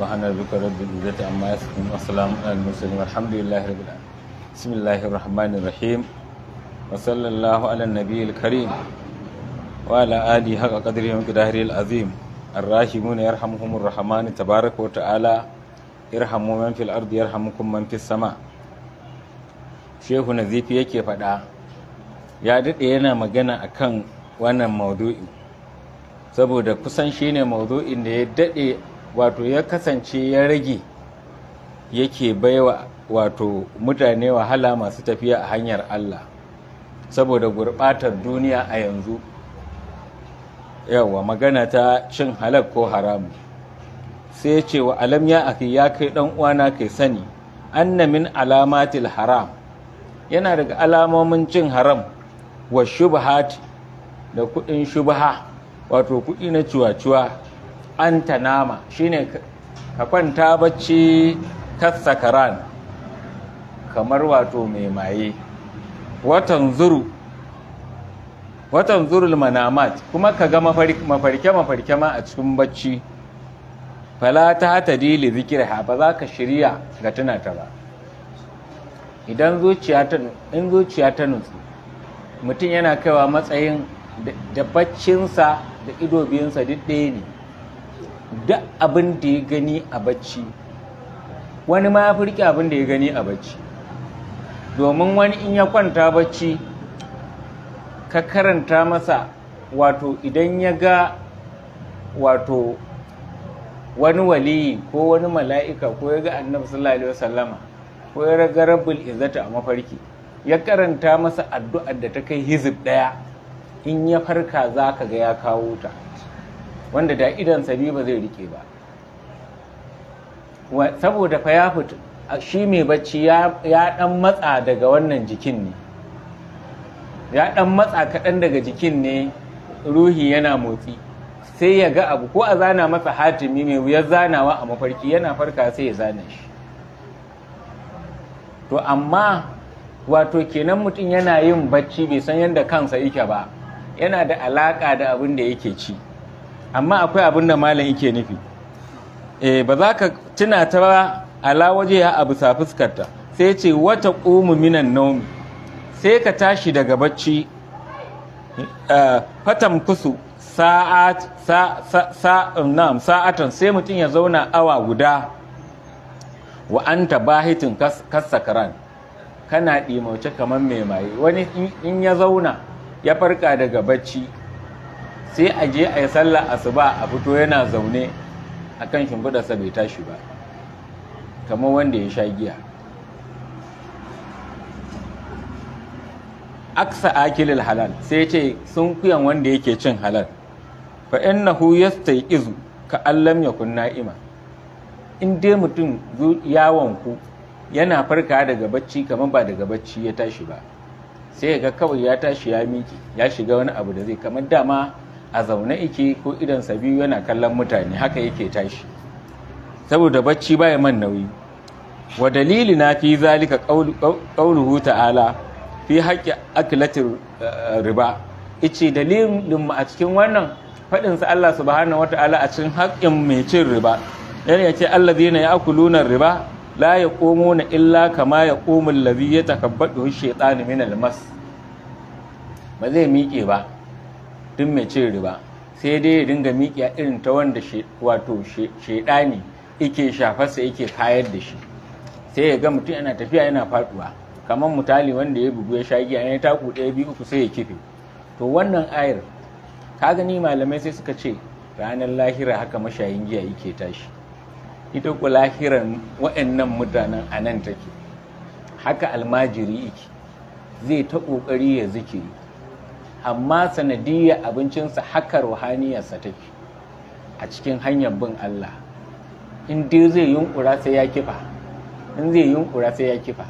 subhana rabbika rabbil izzati amma yasifun wa salamun alal mursalin walhamdulillahi rabbil alamin bismillahir rahmanir rahim wa sallallahu ala nabiyil karim wa ala alihi haqa qadri wa qadari الراحمون يرحمهم الرحمن تبارك وتعالى irhamu man fil ardi yarhamukum man fis sama shehu nazifi yake faɗa ya daɗe yana magana kan wannan maudu'i saboda kusan shine maudu'in da ya daɗe wato ya kasance ya rage yake baiwa wato mutane wahala masu tafiya a hanyar Allah saboda gurbatar duniya a yanzu yawa magana ta cin halak ko haramu sai ce wa alam ya aki ya kai dan uwana kai sani anna min alamatil haram yana daga alamomin cin haram wa shubhat da kudin shubha wato kuɗi na ciwaciwa anta nama shine ka kwanta bacci kasakaran kamar wato mai maye watan zuru watan zurul manamat kuma ka ga mafarke mafarke ma a cikin bacci fala ta hatadi li zikirha ba za ka shirya ga tuna ta ba idan zuciya ta in zuciya ta nutsu mutum yana kaiwa matsayin da baccinsa da ido biyunsa duk ɗaya ne duk abin da ya gani a bacci wani ma ya fi abin da ya gani a bacci domin wani in ya kwanta bacci ka karanta masa wato idan ya ga wato wani waliyi ko wani mala'ika ko ya ga annabi sallallahu alaihi ko ya ga rabbul izzata a mafarki ya karanta masa addu'ar da ta kai hizib ɗaya in ya farka za ka ga ya kawo ta wanda da idan sabi ba zai rike ba saboda fa ya fita shi mai bacci ya dan matsa daga wannan jikin ne ya dan matsa kaɗan daga jikin ne ruhi yana motsi sai ya ga abu ko a zana masa hatimi mai wuyar zanawa a mafarki yana farka sai ya zana shi to amma wato kenan mutum yana yin bacci bai san yadda kansa yake ba yana da alaƙa da abin da yake ci amma akwai abin da malam yake nufi eh ba za ka tuna ta ba ala waje ya abu sa fuskarta sai ce wata qumu minan nawm sai ka tashi daga bacci eh, fatan kusu sa'at sa'atan sai mutum ya zauna awa guda wa anta bahitin kasakran kana ɗimauce kamar mai maye wani in ya zauna ya farka daga bacci sai a je a yi sallah asuba a fito yana zaune a kan shimfidarsa bai tashi ba kamar wanda ya sha giya aksa akilil halal sai ce sun kuyan wanda yake cin halal fa innahu izu ka allam yakun na'ima in dai mutum yawon ku yana farka daga bacci kamar ba daga bacci ya tashi ba sai ga kawai ya tashi ya miki ya shiga wani abu da zai kamar dama a zaune yake ko idansa biyu yana kallon mutane haka yake tashi saboda bacci baya man nauyi wa dalili na fi zalika qauluhu ta'ala fi haqqi aklatir eh, riba ice dalilin mu a cikin wannan fadin sa Allah subhanahu wataala a cikin haƙƙin mai cin riba yana yace allazina ya'kuluna riba la yaqumuna illa kama yaqumul ladhi yatakabbadu shaytanu min al-mas ba zai miƙe ba duk mai cin riba sai dai ya dinga miƙiya irin ta wanda wato shaidani yake shafarsa yake kayar da shi sai ya ga mutum yana tafiya yana faɗuwa. kamar mutali wanda ya bugu ya sha giya ne taku ɗaya biyu uku sai ya kife to wannan ayar ka gani malamai sai suka ce ranar lahira haka mashayin giya yake tashi ita ku lahiran waɗannan mutanen anan nan take haka almajiri yake zai ta ƙoƙari ya zikiri amma sanadiyar abincinsa haka ruhaniyarsa take a cikin hanyar bin Allah in dai zai yunkura sai ya kifa in zai yunkura sai ya kifa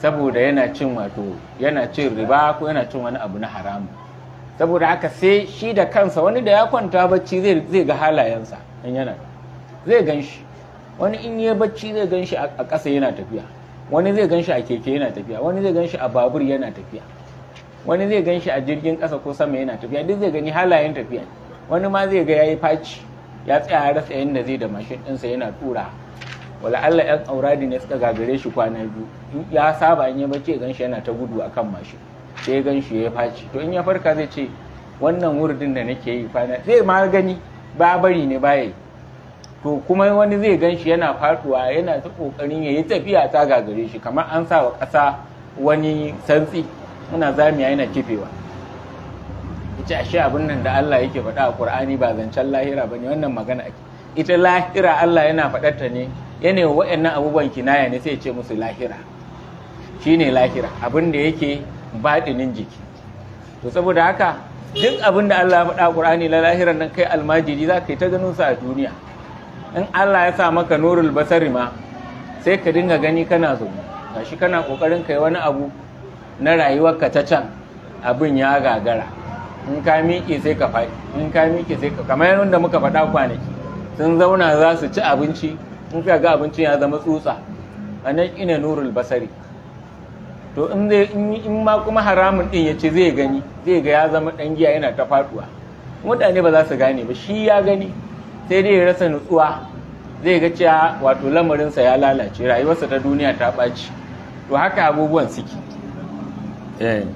saboda yana cin wato yana cin riba ko yana cin wani abu na haramu saboda haka sai shi da kansa wani da ya kwanta bacci zai ga halayensa in yana zai gan shi wani in yi bacci zai gan shi a ƙasa yana tafiya wani zai gan shi a keke yana tafiya wani zai gan shi a babur yana tafiya wani zai gan shi a jirgin ƙasa ko sama yana tafiya duk zai gani halayen tafiya wani ma zai ga yayi faci ya tsaya ya rasa yadda zai da mashin ɗinsa yana tura wala Allah yan auradi ne suka gagare shi kwana biyu ya saba in ya bace gan shi yana ta gudu akan mashin sai gan shi ya faci to in ya farka zai ce wannan wurdin da nake yi kwana zai ma gani ba bari ne ba yi to kuma wani zai gan shi yana faduwa yana ta kokarin ya yi tafiya ta gagare shi kamar an sa wa ƙasa wani santsi ina zamiya yana kifewa ita ashe abin nan da Allah yake faɗa a Qur'ani ba zancen lahira bane wannan magana ake ita lahira Allah yana faɗar ta ne yana wa'annan abubuwan kinaya ne sai ya ce musu lahira shine lahira abin da yake baɗinin jiki to saboda haka duk abin da Allah ya faɗa Qur'ani la lahiran nan kai almajiri za ka yi ta ganin sa a duniya in Allah ya sa maka nurul basari ma sai ka dinga gani kana zo gashi kana kokarin kai wani abu na rayuwarka ta can abin ya gagara in ka miƙe sai ka faɗi in ka miƙe sai ka kamar yadda muka faɗa kwanaki sun zauna za su ci abinci in ka ga abincin ya zama tsutsa a nan ina nurul basari to in zai in ma kuma haramun din yace zai gani zai ga ya zama dan giya yana ta faduwa mutane ba za su gane ba shi ya gani sai dai ya rasa nutsuwa zai ga cewa wato lamarinsa ya lalace rayuwarsa ta duniya ta ɓaci to haka abubuwan suke Eh.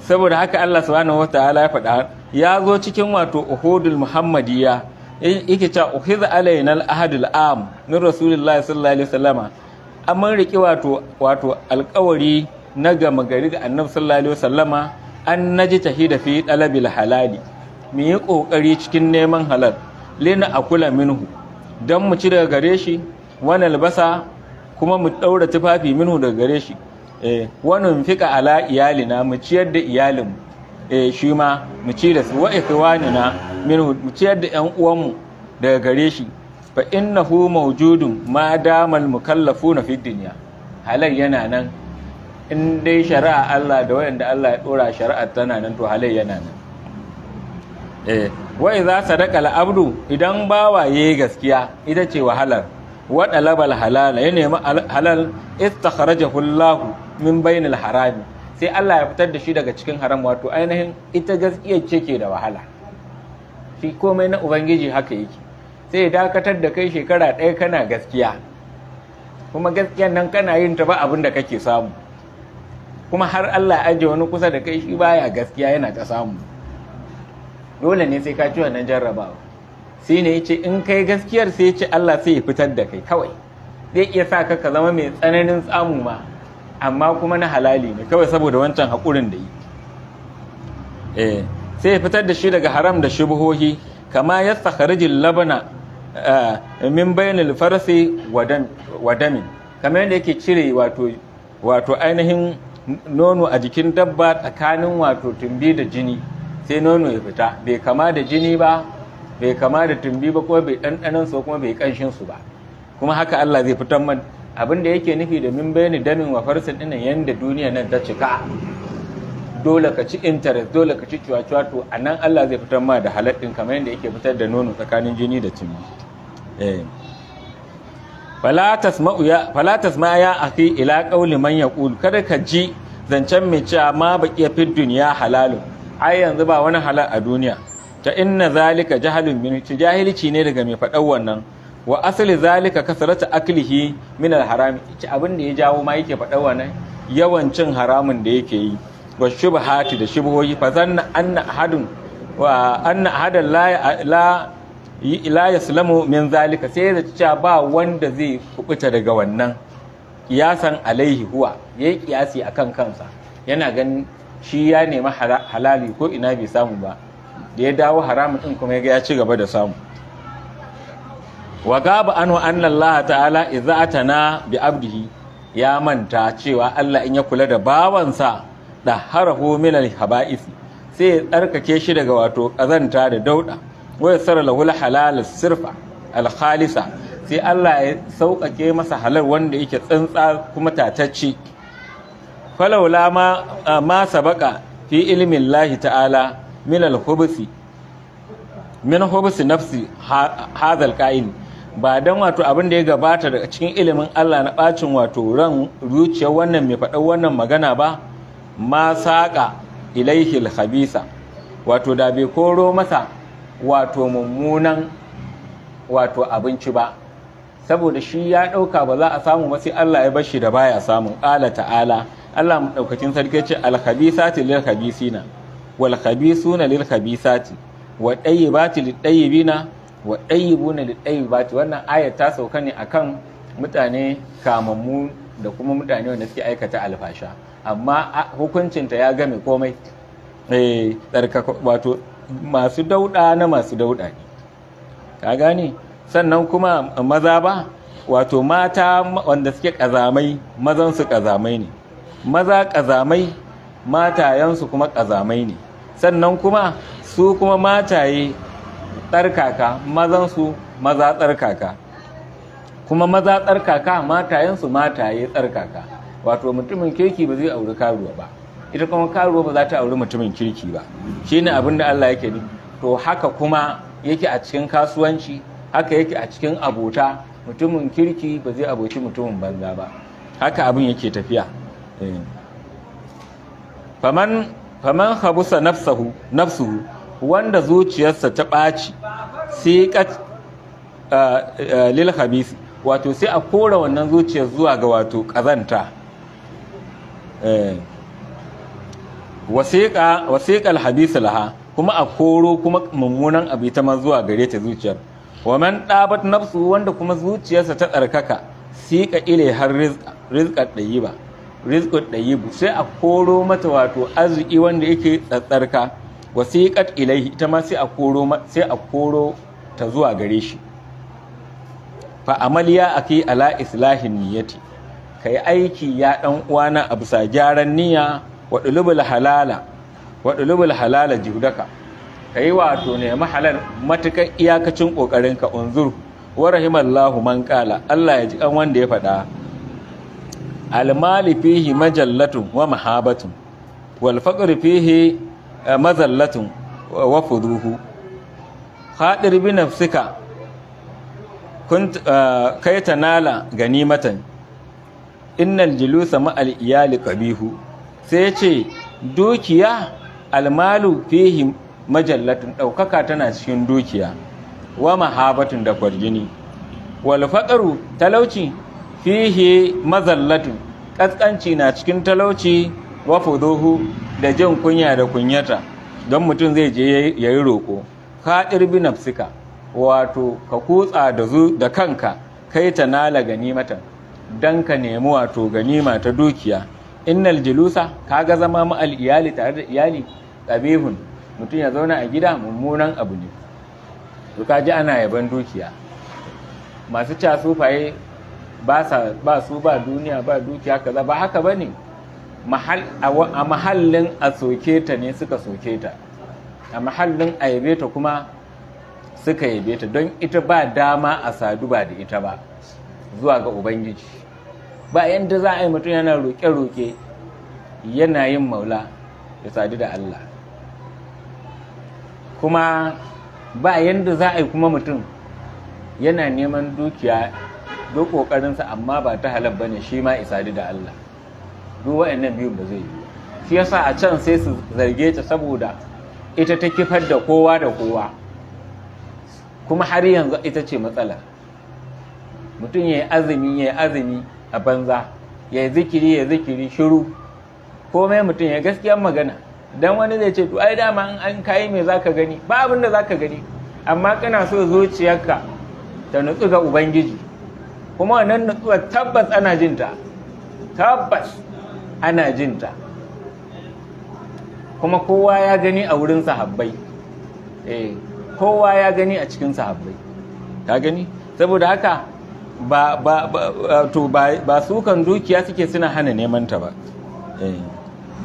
saboda haka Allah subhanahu wataala ya faɗa ya zo cikin wato uhudul muhammadiyya eh, yake cewa uhiz alainal ahadul am min rasulillahi sallallahu alaihi wasallama amma riki wato wato alƙawari na gama gari ga annabi sallallahu alaihi wasallama an naji tahida fi dalabil halali mu yi kokari cikin neman halal lina akula minhu dan mu ci daga gare shi wani albasa kuma mu daura tufafi minhu daga gare shi Eh, wannan fika ala iyalina mu ciyar da iyalin eh, shi ma mu ci da su wa ikhwanina minhu mu ciyar da ƴan uwanmu daga gare shi fa innahu mawjudun ma damal mukallafuna fid dunya halal yana nan in dai shari'a Allah da wayanda Allah ya dora shari'a tana nan to halal yana nan eh wai za sadaka al-abdu idan bawaye gaskiya ita ce wahalar wa labal halala ya nemi halal kharaja Hullahu min bainil harami sai Allah ya fitar da shi daga cikin haram wato ainihin ita gaskiya ce ke da wahala shi komai na ubangiji haka yake sai ya dakatar da kai shekara ɗaya kana gaskiya kuma gaskiyan nan kana yin ta ba abin da kake samu kuma har Allah ya aje wani kusa da kai shi baya gaskiya yana ta samu dole ne sai ka ci wannan jarrabawa sai ne yace in kai gaskiyar sai ce Allah sai ya fitar da kai kawai zai iya sa ka zama mai tsananin tsamu ma amma kuma na halali ne kawai saboda wancan haƙurin da yi eh, sai ya fitar da shi daga haram da shubuhohi kama ya sakharijin labana eh, min bayanin farasi wadamin. Kama kamar yadda yake cire wato wato ainihin nono a jikin dabba tsakanin wato tumbi da jini sai nono ya fita bai kama da jini ba bai kama da tumbi ba kuma bai ɗanɗanan su kuma bai ƙanshin su ba kuma haka Allah zai fitar man abin da yake nufi da min bayani damin wa farsin ɗinnan yanda duniya nan ta cika dole ka ci interest dole ka ci cuwa to a nan Allah zai fitar ma da halaɗin kamar yadda yake fitar da nono tsakanin jini da tumbi eh. fala tasma ya akhi ila qawli man yaqul kada ka ji zancen mai cewa ma baqiya fi dunya halalu ai yanzu ba wani halal a duniya ta inna zalika jahalun min jahilci ne daga mai faɗan wannan wa asali zalika kasarata aklihi min alharami ce abin da ya jawo ma yake faɗa wannan yawan cin haramun da yake yi wa shubhati da shubhoyi fa zanna anna ahadun wa anna ahadan la la la yaslamu min zalika sai ya ci ba wanda zai kubuta daga wannan kiyasan alaihi huwa yayi kiyasi akan kansa yana ganin shi ya nemi halali ko ina bai samu ba da ya dawo haramun ɗin kuma ya ci gaba da samu wa gaba anhu Allah ta'ala idza bi abdihi ya manta cewa Allah in ya kula da bawansa da harahu min al haba'is sai ya tsarkake shi daga wato kazanta da dauda waya sara lahul halal sirfa al sai Allah ya sauƙaƙe masa halar wanda yake tsantsa kuma tatacci falaula ma ma sabaka fi ilmin Allah ta'ala min al-hubsi min hubsi nafsi hadhal qa'il ba dan wato abin da ya gabata daga cikin ilimin Allah na bacin wato ran zuciya wannan mai faɗa wannan magana ba ma saqa ilaihi al wato da bai koro masa wato mummunan wato abinci ba saboda shi ya ɗauka ba za a samu ba sai Allah ya bar shi da baya samu ƙala ta'ala Allah mu ɗaukacin sarki ce Alhabisa khabisati lil wal khabithuna lil khabithati wa tayyibati lit tayyibina wa tayyibuna lit tayyibati wannan aya ta sauka ne akan mutane kamammu da kuma mutane wanda suke aikata alfasha amma hukuncinta ya game komai eh wato masu dauda na masu dauda ne ka gane sannan kuma maza ba wato mata wanda suke kazamai mazan su kazamai ne maza kazamai matayensu kuma ƙazamai ne sannan kuma su kuma mataye tsarkaka mazansu maza tsarkaka kuma maza tsarkaka matayensu mataye tsarkaka wato mutumin kirki ba zai auri karuwa ba ita kuma karuwa ba za ta auri mutumin kirki ba shine abin da Allah yake to haka kuma yake a cikin kasuwanci haka yake a cikin abota mutumin kirki ba zai aboki mutumin banza ba haka abin yake tafiya eh. faman habusa nafsu wanda zuciyarsa ta ɓaci siqat lil habisi wato sai a kora wannan zuciyar zuwa ga wato ƙazanta. eh wasiqa laha kuma a koro kuma mummunan abu ta ma zuwa gare ta zuciyar waman man nafsu wanda kuma zuciyarsa ta tsarkaka ka ile har rizƙar ɗayi ba. da dayibu sai a koro mata wato arziki wanda yake tsatsarka wasiqat ilaihi ita ma sai a koro sai a koro ta zuwa gare shi fa amaliya akai ala islahin niyyati kai aiki ya dan uwana a bisa gyaran niyya wa dulubul halala wa dulubul halala jihdaka kai wato ne mahalan matukan iyakacin ka unzur wa rahimallahu man qala Allah ya ji kan wanda ya faɗa almali fihi majallatun wa mahabatun wal faqr fihi eh, mazallatun wa fuduhu hadir bi nafsika kunt eh, kai tanala ganimatan innal julusa ma'al iyali qabihu sai ce dukiya almalu fihi majallatun daukaka tana cikin dukiya wa mahabatun da kwarjini wal faqru talauci fihi mazallatu ƙasƙanci na cikin talauci wa fuduhu da jin kunya da kunyata don mutum zai je ya yi roƙo haɗir bi nafsika wato ka kutsa da zu da kanka kai ta nala ganimatan don ka nemi wato ganima ta dukiya innal julusa kaga zama ma'al iyali tare da iyali ƙabihun mutum ya zauna a gida mummunan abu ne to kaji ana yaban dukiya masu casufaye ba su ba duniya ba dukiya kaza ba haka ba a mahallin a soke ta ne suka soke ta a mahallin a yabe ta kuma suka yabe ta don ita ba dama a sadu ba da ita ba zuwa ga ubangiji ba yadda za a yi mutum yana roƙe-roƙe yana yin maula ya sadu da Allah kuma ba yadda za a yi kuma mutum yana neman dukiya duk ƙoƙarinsa amma ba ta halal bane shi ma isadi da Allah duk wa'annan biyun ba zai yi shi yasa a can sai su zarge ta saboda ita ta kifar da kowa da kowa kuma har yanzu ita ce matsala mutum ya yi azumi ya yi azumi a banza ya zikiri ya zikiri shiru komai mutum ya gaskiyar magana dan wani zai ce to ai dama in an kayi me zaka gani ba abin da zaka gani amma kana so zuciyarka ta nutsu ga ubangiji kuma nan natsuwa tabbas ana jinta tabbas ana jinta kuma kowa ya gani a wurin sahabbai eh kowa ya gani a cikin sahabbai ta gani saboda haka ba ba ba to ba ba kan dukiya suke suna hana neman ta ba eh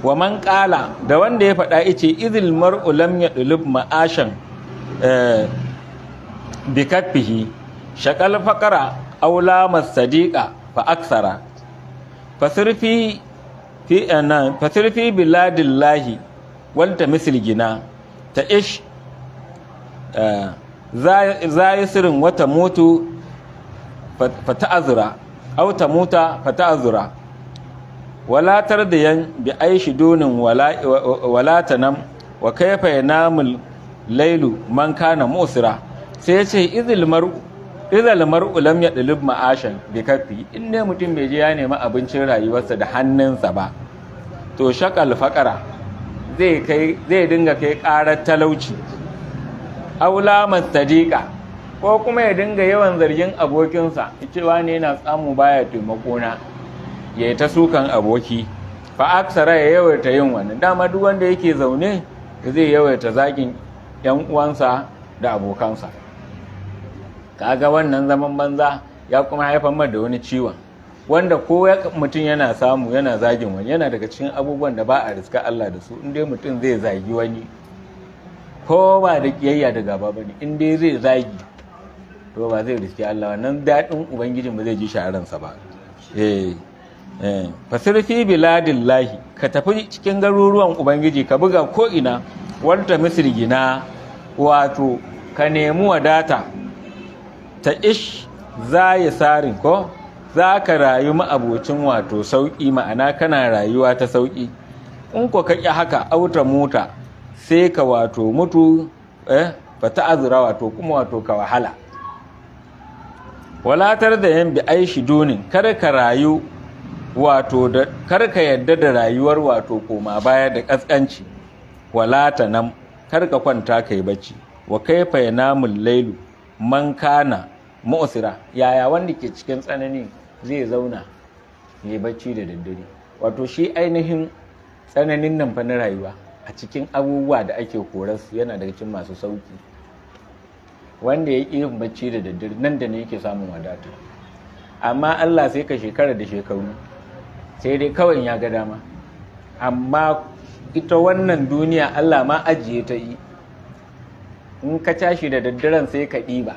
wa man qala da wanda ya faɗa yace izil mar'u lam yadlub ma'ashan eh bi katfihi shaqal faqara aula masadiqa fa aksara fasirfi fi anan eh, fasirfi biladillahi wanta misil gina ta ish eh, za yi sirin wata mutu fa azura au ta muta fata azura walatar da yan bi aishi donin walata nan wa kaifa ya namul lailu man kana musira sai ya ce izil mar'u idal mar'u lam yadlib ma'ashan bi kafi in ne mutum bai je ya nemi abincin rayuwarsa da hannunsa ba to shakal faqara zai dinga kai karar talauci aula mastadiqa ko kuma ya dinga yawan zargin abokinsa cewa ne yana samu baya taimako na yayi ta sukan aboki fa aksara ya yawaita yin wani dama duk wanda yake zaune zai yawaita zakin yan uwansa da abokansa kaga wannan zaman banza ya kuma haifar mai da wani ciwon wanda ko mutum yana samu yana zagin wani yana daga cikin abubuwan da ba a riska Allah da su in mutum zai zagi wani ko ba da kiyayya da gaba bane in dai zai zagi to ba zai riske Allah wannan daɗin ubangijin ba zai ji sha'aransa ba eh eh fasirfi biladillahi ka tafi cikin garuruwan ubangiji ka buga ko ina wanda gina wato ka nemi wadata ta ish za ya sarin ko za ka rayu ma'abocin wato sauƙi ma'ana kana rayuwa ta sauƙi in ko ka ƙi haka auta mota sai ka wato mutu ba eh, ta azura wato kuma wato ka wahala walatar da yan bi aishi donin kar ka rayu wato da karka yadda da rayuwar wato koma baya da ƙasƙanci walata nan kar ka kwanta kai bacci wa kaifa namun lailu man kana mu'sira yaya wanda ke cikin tsanani zai zauna ya bacci da daddare wato shi ainihin tsananin nan fa na rayuwa a cikin abubuwa da ake koras yana daga cikin masu sauki wanda ya yi bacci da daddare nan da ne yake samun wadata amma Allah sai ka shekara da shekaru sai dai kawai ya ga dama amma ita wannan duniya Allah ma ajiye ta yi in ka tashi da daddaren sai ka ɗiba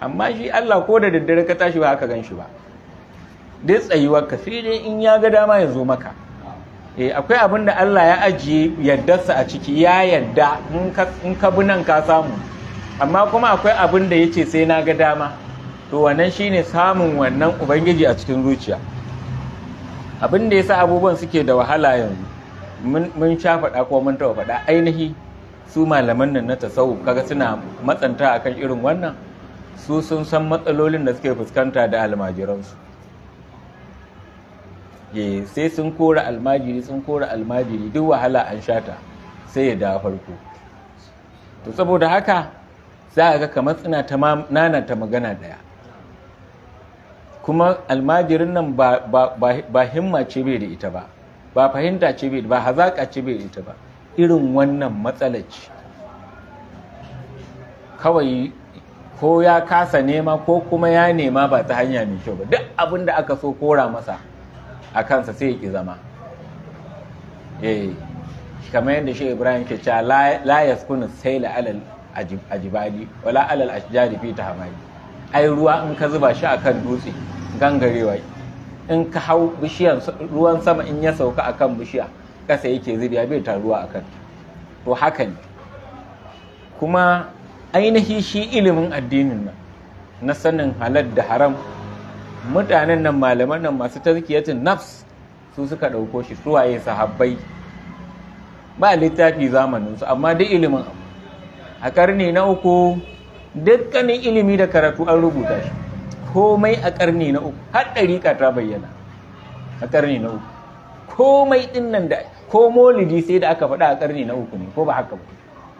amma shi Allah ko da daddare ka tashi ba haka gan shi ba duk tsayuwar ka sai dai in ya ga dama ya zo maka eh akwai abin da Allah ya ajiye yardarsa a ciki ya yadda in ka bi nan ka samu amma kuma akwai abin da ce sai na ga dama to wannan shine samun wannan ubangiji a cikin zuciya abin da yasa abubuwan suke da wahala yanzu mun sha faɗa ko mun taɓa faɗa ainihi su malaman nan na tasawuf kaga suna matsanta akan irin wannan su sun san matsalolin da suke fuskanta da almajiransu ye eh, sai sun kora almajiri sun kora almajiri duk wahala an shata sai ya da farko to saboda haka za a ga kamar suna ta nanata magana daya kuma almajirin nan ba himma ce bai da ita ba ba fahimta ce bai ba hazaƙa ce bai da ita ba irin wannan matsalar ce kawai ko ya kasa nema ko kuma ya nema ba ta hanya mai kyau ba duk abin da aka so kora masa a kansa sai ya ƙi zama eh, kamar yadda shi ibrahim ke cewa la sai da alal ajibali wala alal ashjari fi hamari ai ruwa in ka zuba shi akan dutse gangarewa in ka hau bishiyan ruwan sama in ya sauka akan bishiya ƙasa yake zubewa bai taruwa a kan to haka ne kuma ainihi shi ilimin addinin nan na sanin halal da haram mutanen nan malaman nan masu tazkiyatin nafs su suka ɗauko shi suwaye sahabbai ba littafi zamaninsu amma duk ilimin abu a ƙarni na uku dukkanin ilimi da karatu an rubuta shi komai a ƙarni na uku har ɗariƙa ta bayyana a ƙarni na uku komai ɗin nan da ko maulidi sai da aka faɗa a ƙarni na uku ne ko ba haka ba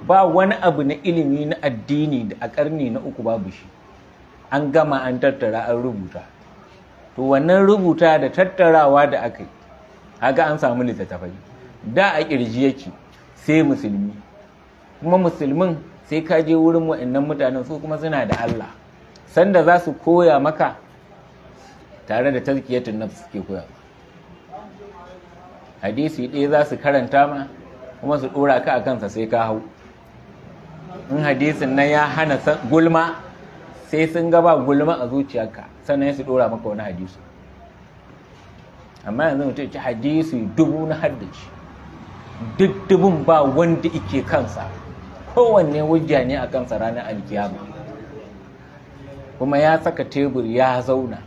ba wani abu na ilimi na addini da a ƙarni na uku babu shi an gama an tattara an rubuta to wannan rubuta da tattarawa da aka yi haka an samu littattafai da a ƙirji yake sai musulmi kuma musulmin sai ka je wurin wa'annan mutanen su kuma suna da Allah sanda za su koya maka tare da tazkiyatun nafsu suke koya hadisi ɗaya za su karanta ma kuma su ɗora ka a kansa sai ka hau in hadisin nan ya hana gulma sai sun gaba gulma a zuciyarka sannan su ɗora maka wani hadisi amma yanzu mutum ci hadisi dubu na haddaci duk dubun ba wanda ike kansa kowanne wujja ne a kansa ranar alkiyama kuma ya saka tebur ya zauna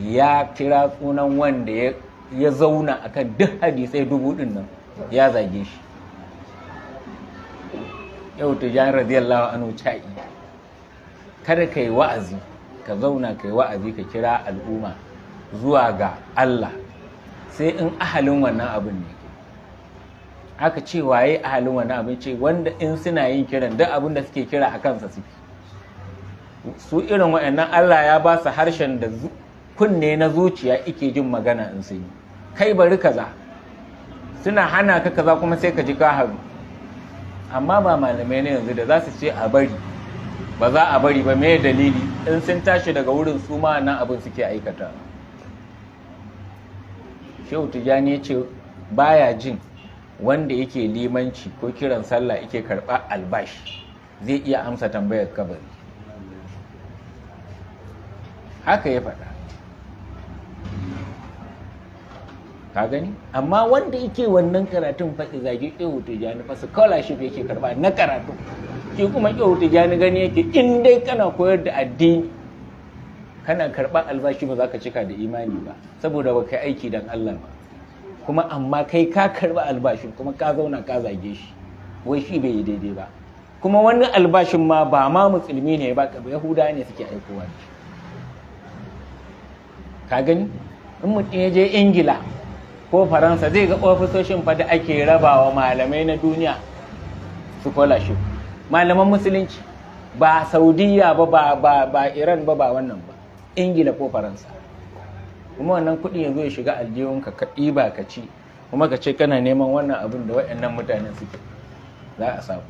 ya kira sunan wanda ya ya zauna a kan duk hadisai dubu ɗin nan ya zage shi yau tijani radiyallahu anhu ca'i kada ka yi wa'azi ka zauna ka yi wa'azi ka kira al'umma zuwa ga Allah sai in ahalin wannan abin ne aka ce waye ahalin wannan abin ce wanda in suna yin kiran duk abin da suke kira a kansa suke su irin waɗannan Allah ya ba su harshen da kunne na zuciya ike jin magana in sun yi kai bari kaza suna hana ka kaza kuma sai ka ji ka haru amma ba malamai ne yanzu da za su ce a bari ba za a bari ba mai dalili in sun tashi daga wurin su ma nan abin suke aikata shehu ya ce baya jin wanda yake limanci ko kiran sallah yake karɓa albashi zai iya amsa tambayar kabari haka ya faɗa ka gani amma wanda yake wannan karatun fa zage ihu tijani fa scholarship yake karba na karatu shi kuma ihu tijani gani yake in dai kana koyar da addini kana karba albashi ba za ka cika da imani ba saboda ba kai aiki don Allah ba kuma amma kai ka karba albashin kuma ka zauna ka zage shi wai shi bai yi daidai ba kuma wani albashin ma ba ma musulmi ne ba ka yahuda ne suke aikowa ka gani in mutum ya je ingila ko faransa zai ga ofisoshin fa da ake rabawa malamai na duniya scholarship malaman musulunci ba saudiya ba ba ba ba iran ba ba wannan ba ingila ko faransa kuma wannan kuɗi yanzu ya shiga aljihunka ka ɗiba ka ci kuma ka ce kana neman wannan abin da waɗannan mutanen suke za a samu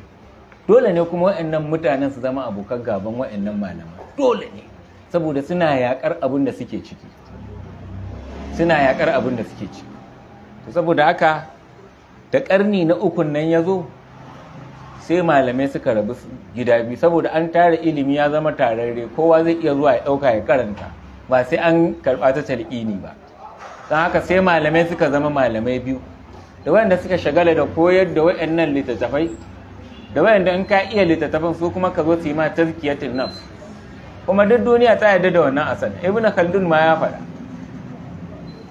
dole ne kuma waɗannan mutanen su zama abokan gaban waɗannan malaman dole ne saboda suna yaƙar abin da suke ciki suna yaƙar abin da suke ciki saboda haka da ƙarni na ukun nan ya zo sai malamai suka rabu gida biyu saboda an tara ilimi ya zama tararre kowa zai iya zuwa ya ɗauka ya karanta ba sai an karɓa ta talƙini ba don haka sai malamai suka zama malamai biyu da wanda suka shagala da koyar da wayannan littattafai da wayanda in ka iya littattafan su kuma ka zo su yi ma tazkiyatul nafs kuma duk duniya ta yarda da wannan asali ibn khaldun ma ya faɗa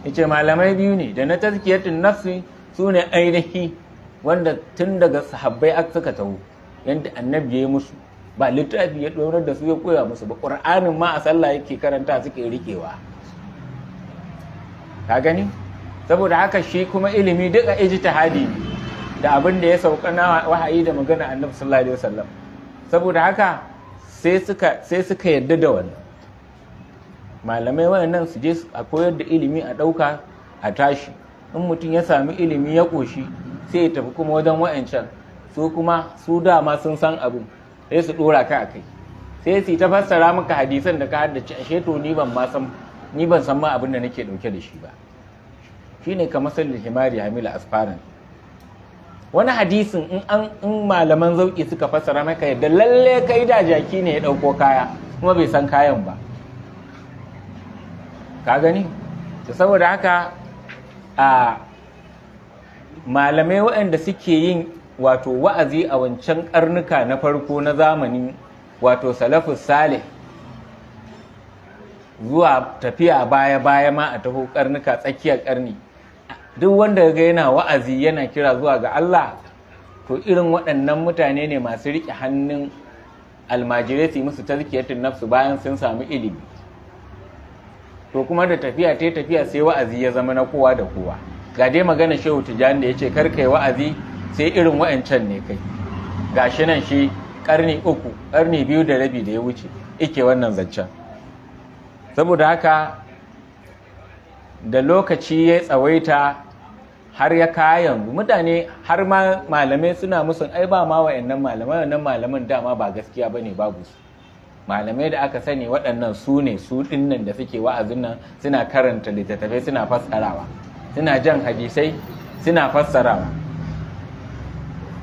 yace malamai biyu ne da na tazkiyatun nafsi sune ainihi wanda tun daga sahabbai aka suka taho yadda annabi ya musu ba littafi ya dorar da su ya koya musu ba ƙur'anin ma a sallah yake karanta suke rikewa ka gani saboda haka shi kuma ilimi duka ijtihadi da abin da ya sauka na wahayi da magana annabi sallallahu alaihi wasallam saboda haka sai suka sai suka yarda da wannan malamai wayannan su je a koyar da ilimi a ɗauka a tashi in mutum ya sami ilimi ya ƙoshi sai ya tafi kuma wajen wayancan su kuma su dama sun san abin sai su ɗora kai a kai sai su ta fassara maka hadisan da ka haddace ashe to ni ban ma san ni ban san ma abin da nake ɗauke da shi ba shine kamar sallin himari hamila asfaran wani hadisin in an in malaman zauki suka fassara maka yadda lalle kai da jaki ne ya ɗauko kaya kuma bai san kayan ba ka gani to saboda haka a malamai waɗanda suke yin wato wa'azi a wancan karnuka na farko na zamani wato salafus sale zuwa tafiya baya-baya ma a taho karnuka tsakiyar karni duk wanda ga yana wa'azi yana kira zuwa ga Allah to irin waɗannan mutane ne masu riƙe hannun almajirai su musu tazkiyatin nafsu bayan sun samu ilimi to kuma da tafiya ta tafiya sai wa'azi ya zama na kowa da kowa ga dai magana shehu tijani da ya ce kar yi wa'azi sai irin wa'ancan ne kai ga shi nan shi karni uku karni biyu da rabi da ya wuce ike wannan zancen saboda haka da lokaci ya tsawaita har ya kayan mutane har ma malamai suna musun ai ba ma wa'annan malamai wannan malaman dama ba gaskiya bane babu su malamai da aka sani waɗannan su ne su ɗinnan da suke wa'azin nan suna karanta littattafai suna fassarawa suna jan hadisai suna fassarawa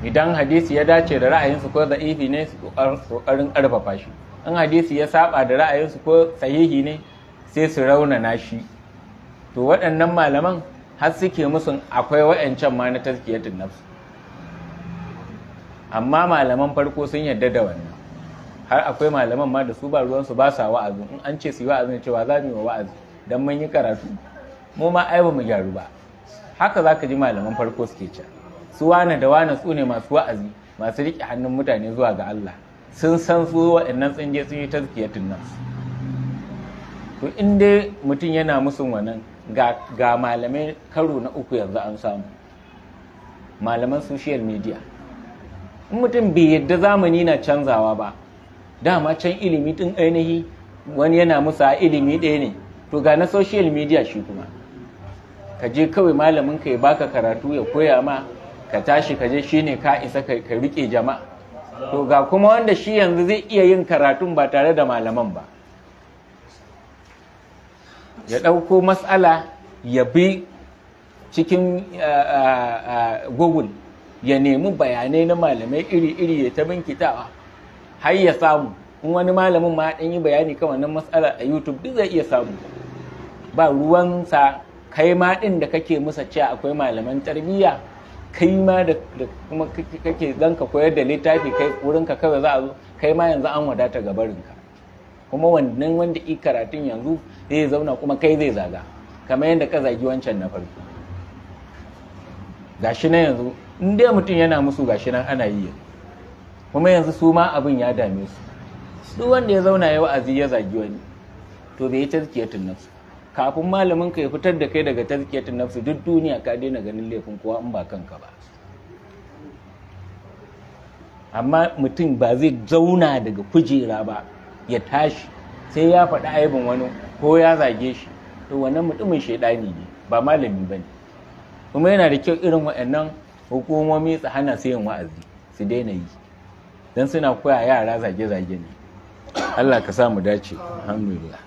idan hadisi ya dace da ra'ayinsu ko za'ifi ne su ƙoƙarin ƙarfafa shi in hadisi ya saba da ra'ayinsu ko sahihi ne sai su raunana shi to waɗannan malaman har suke musu akwai wa'ancan ma na tazkiyatun nafsu amma malaman farko sun yarda da wannan har akwai malaman ma da su ba ruwansu ba sa wa'azi in an ce su yi ne cewa za mu yi wa'azi dan mun yi karatu mu ma ai ba mu gyaru ba haka za ka ji malaman farko suke ce su wane da wane su ne masu wa'azi masu riƙe hannun mutane zuwa ga Allah sun san su waɗannan tsinge sun yi tazkiyatun nan to in dai mutum yana musun wannan ga, ga malamai karo na uku yanzu an samu malaman social media in mutum bai yadda zamani na canzawa ba dama can ilimi din ainihi wani yana musu a ilimi ɗaya ne to ga na social media shi kuma ka je kawai malamin ka ya baka karatu ya koya ma ka tashi ka je shine ka isa ka rike jama'a to ga kuma wanda shi yanzu zai iya yin karatun ba tare da malaman ba ya ɗauko matsala ya bi cikin google ya nemi bayanai na malamai iri-iri ya ta binkitawa har ya samu in wani malamin ma ɗan yi bayani kan wannan matsala a youtube duk zai iya samu ba ruwansa kai ma ɗin da kake musa cewa akwai malaman tarbiyya kai ma da kuma kake zan koyar da littafi kai ka kawai za a zo kai ma yanzu an wadata gabarinka kuma wannan wanda i karatun yanzu zai zauna kuma kai zai zaga kamar yadda ka zagi wancan na farko gashi na yanzu in dai mutum yana musu gashi nan ana yi yanzu kuma yanzu su ma abin ya dame su duk wanda ya zauna ya wa'azi ya zagi wani to bai yi tazkiyatun nafsu kafin malamin ka ya fitar da kai daga tazkiyatun nafsu duk duniya ka daina ganin laifin kowa in ba kanka ba amma mutum ba zai zauna daga kujera ba ya tashi sai ya faɗi aibin wani ko ya zage shi to wannan mutumin shaidani ne ba malami ba ne kuma yana da kyau irin waɗannan hukumomi su hana su wa'azi su daina yi don suna koya yara zage-zage ne allah ka samu dace alhamdulillah